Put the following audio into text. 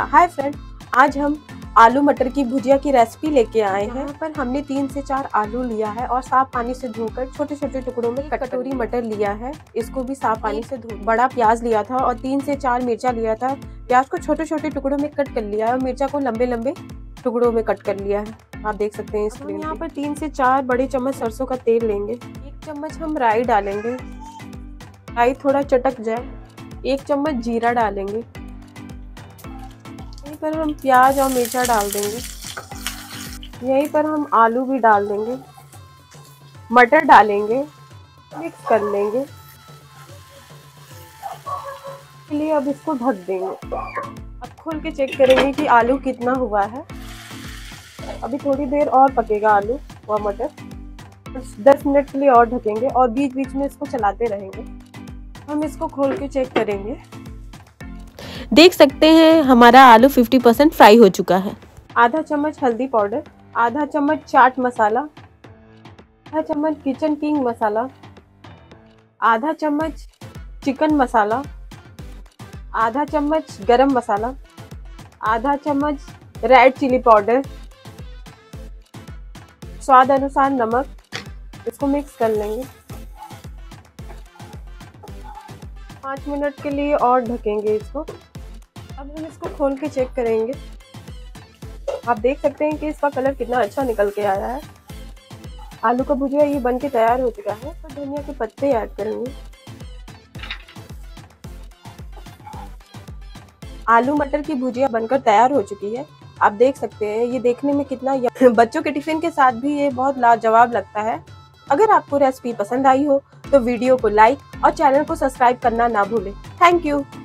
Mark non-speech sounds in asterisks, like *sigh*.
हाय friend आज हम आलू मटर की भुजिया की रेसिपी लेके आए हैं यहाँ पर हमने तीन से चार आलू लिया है और साफ पानी से धोकर छोटे छोटे टुकड़ों में कटोरी मटर लिया है इसको भी साफ पानी से धो बड़ा प्याज लिया था और तीन से चार मिर्चा लिया था प्याज को छोटे छोटे टुकड़ों में कट कर लिया है और मिर्चा को लंबे लंबे टुकड़ों में कट कर लिया है आप देख सकते हैं इसमें यहाँ पर तीन से चार बड़े चम्मच सरसों का तेल लेंगे एक चम्मच हम राई डालेंगे राई थोड़ा चटक जाए एक चम्मच जीरा डालेंगे यहीं पर हम प्याज और मिर्चा डाल देंगे यहीं पर हम आलू भी डाल देंगे मटर डालेंगे मिक्स कर लेंगे लिए अब इसको ढक देंगे अब खोल के चेक करेंगे कि आलू कितना हुआ है अभी थोड़ी देर और पकेगा आलू व मटर दस मिनट के लिए और ढकेंगे और बीच बीच में इसको चलाते रहेंगे हम इसको खोल के चेक करेंगे देख सकते हैं हमारा आलू 50 परसेंट फ्राई हो चुका है आधा चम्मच हल्दी पाउडर आधा चम्मच चाट मसाला आधा चम्मच किचन किंग मसाला आधा चम्मच चिकन मसाला आधा चम्मच गरम मसाला आधा चम्मच रेड चिली पाउडर स्वाद अनुसार नमक इसको मिक्स कर लेंगे पाँच मिनट के लिए और ढकेंगे इसको अब हम इसको खोल के चेक करेंगे आप देख सकते हैं कि इसका कलर कितना अच्छा निकल के आया है आलू का भुजिया ये बन के तैयार हो चुका है तो धनिया के पत्ते ऐड करेंगे आलू मटर की भुजिया बनकर तैयार हो चुकी है आप देख सकते हैं ये देखने में कितना *laughs* बच्चों के टिफिन के साथ भी ये बहुत लाजवाब लगता है अगर आपको रेसिपी पसंद आई हो तो वीडियो को लाइक और चैनल को सब्सक्राइब करना ना भूलें थैंक यू